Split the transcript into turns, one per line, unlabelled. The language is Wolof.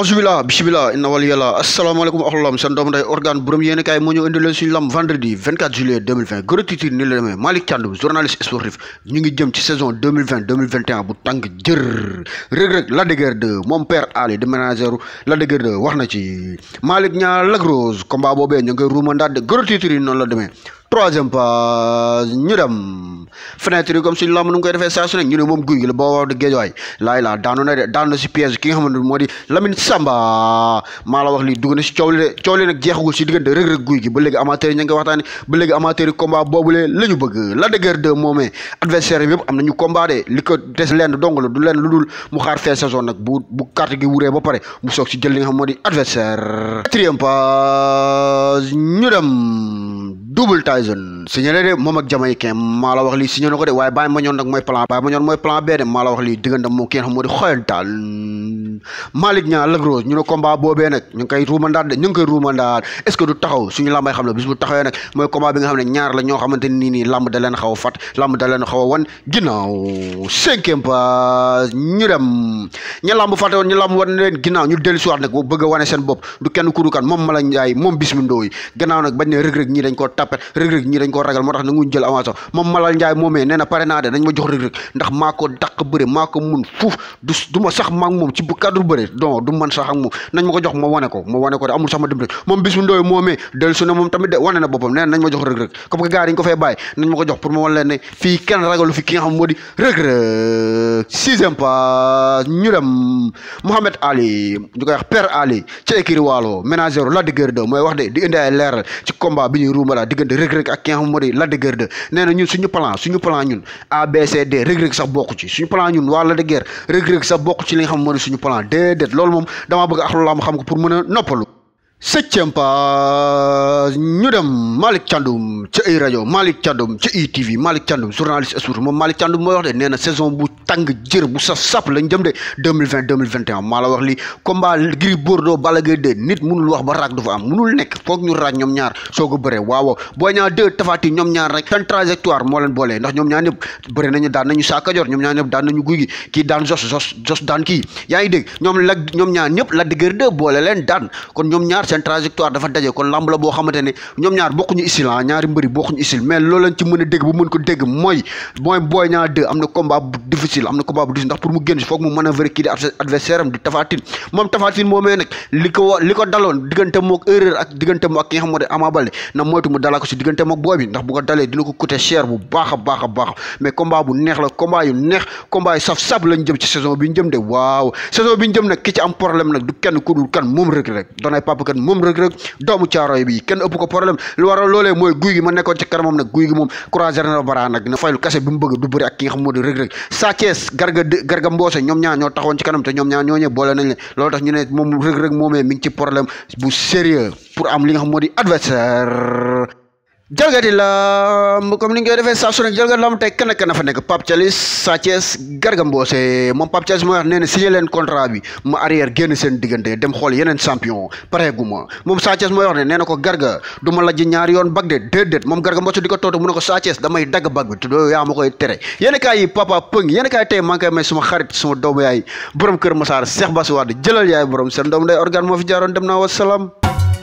asbila bisimila inna wali yàlla asalaamaaleykum axlalam seen doomu nday organe borom yéen kaay moo ñëw indi vendredi 24 juillet 2020 ni la demee Malick Thiandoum journaliste sportif ñu ngi jëm ci saison 2020 2021 bu tàng jër rëg-rëg de Guiers 2 moom père Ali di de wax na ci Malick Niang Lac Rose combat boobee ñu ngi koy ruumandaat de gros titre noonu la demee troisième pas ñu dem fenêtre yi comme suñu lamb nu ngi koy defee saa su ñu ne moom guy gi la boo waaw de géejowaay laay laa daanu na de daanu na si piège ki nga xamante moo di Lamine Samba maa la wax lii dugg na si coow li de coow li nag jeexagul si diggante Reug Reug guy gi ba léegi amateur yi ñu ngi koy waxtaane ba léegi amateur yi combat boobule la ñu bëgg la dëgër de moomee adversaire yi yëpp am nañu combat de li ko des lenn dong la du lenn lu dul mu xaar fee saison nag bu bu carte gi wuree ba pare mu soog si jël li nga xam moo di adversaire quatrième pas ñu dem double Tyson signé na de moom ak jamaïcain maa la wax lii signé na xam moo di xoyantaal ne ñu ngi xam ne a a ñu dem ña ginnaaw ñu dellu si waat nag a wane seen bopp du kenn kurukan moom Malick Ndiaye moom Bismi Ndoye gannaaw nag bañ ne rëg-rëg ñii dañ ko tap jàppet rëg-rëg ñi dañ ragal moo tax nanguñ jël avance moom Malal Njaay moomee nee pare naa de dañ ma jox rëg-rëg ndax maa ko bëre maa mun fuuf du sax maag moom ci bu cadre bëre don du man sax moom nañ ma ko jox ma wane ko ma wane ko de amul sax ma dimbali moom Bismi Ndoye moomee del su ne moom tamit de wane na boppam nee nañ ma jox rëg-rëg comme que gars yi ko fay nañ ma ko jox pour ma wan ne fii kenn ragalu fi ki xam moo rëg-rëg sixième diggante Reug Reug ak ki nga di Lac de Guiers 2 nee na ñun suñu plan suñu plan ñun abcd Reug Reug sax bokku ci suñu plan ñun waa Lac de Guiers Reug sax bokku ci li nga xam moo di suñu plan déedéet loolu moom damaa bëgg axlu laa ma xam ko pour mën a noppalu septième pas ñu dem Malick Thiandoum ci ay rajo Malick Thiandoum ci ITV Malick Thiandoum journaliste sportif moom Malick Thiandoum mooy wax de nee na saison bu tàng jër bu saf sap lañ jëm de deux mille vingt Gris Bordeaux Balla Gaye nit munul wax ba raag fa am munul nekk foog ñu raag ñoom ñaar soog a bëree waaw boo ñaar deux tafaati ñoom ñaar rek seen trajectoire moo leen boolee ndax ñoom ñaar ñëpp bëri nañu daan nañu saakajor ñoom ñaar ñëpp daan nañu guy gi daan jos jos daan kii yaa ñoom la ñoom ñaar ñëpp la dëgër de boole leen daan ñoom ñaar seen trajectoire dafa daje kon lamb la boo xamante ñoom ñaar bokkuñu isil ah ñaari mbëri bokkuñu isil mais loolu ci mën a dégg bu mën ko dégg mooy mooy Boy Niang 2 am na combat bu difficile am na combat bu difficile ndax pour mu génn si foog mu manœuvrer moom Tapha Tine li ko daloon diggante moog erreur ak diggante moog ki ndax bu dalee dina ko coûter cher bu baax a baax mais combat bu neex la combat neex combat yu saf moom rëg-rëg doomu caaroy bi kenn ëpp ko problème lu waral loolee mooy guy gi ma nekkoon ci kanamam nag guy gi moom croiser na bara nag na faylu kase bi mu bëgg du bëri ak ki nga xam moo rëg-rëg Sa Thiès garga mboose ñoom ñaar ñoo taxoon ci kanam te ñoom ñaar ñooñee boole nañ leen loolu tax moom rëg-rëg moomee mi ngi ci problème bu sérieux pour am li nga xam moo di jalgati lamb comme ni ñu defee saa su nekk jalgati lamb tey kan ak kan fa nekk Pape Thialis Sa Thiès Garga Mbossé moom Pape Thialis moo wax nee na signé leen contrat bi ma arrière génn seen diggante dem xool yeneen champion pareegu ma moom Sa Thiès mooy ne nee na ko Garga du ma lajj ñaari yoon bag de déedéet moom Garga Mbossé di ko tontu mu ne ko Sa damay dagg bag bi te doo yaa ma koy tere yéen kaay yi papa pëng yéen kaay tey maa ngi may suma xarit suma doomu yaay borom Kër Massar Cheikh Bass Wade jëlal yaay borom seen doomu day organe moo fi jaaroon dem naa wasalaam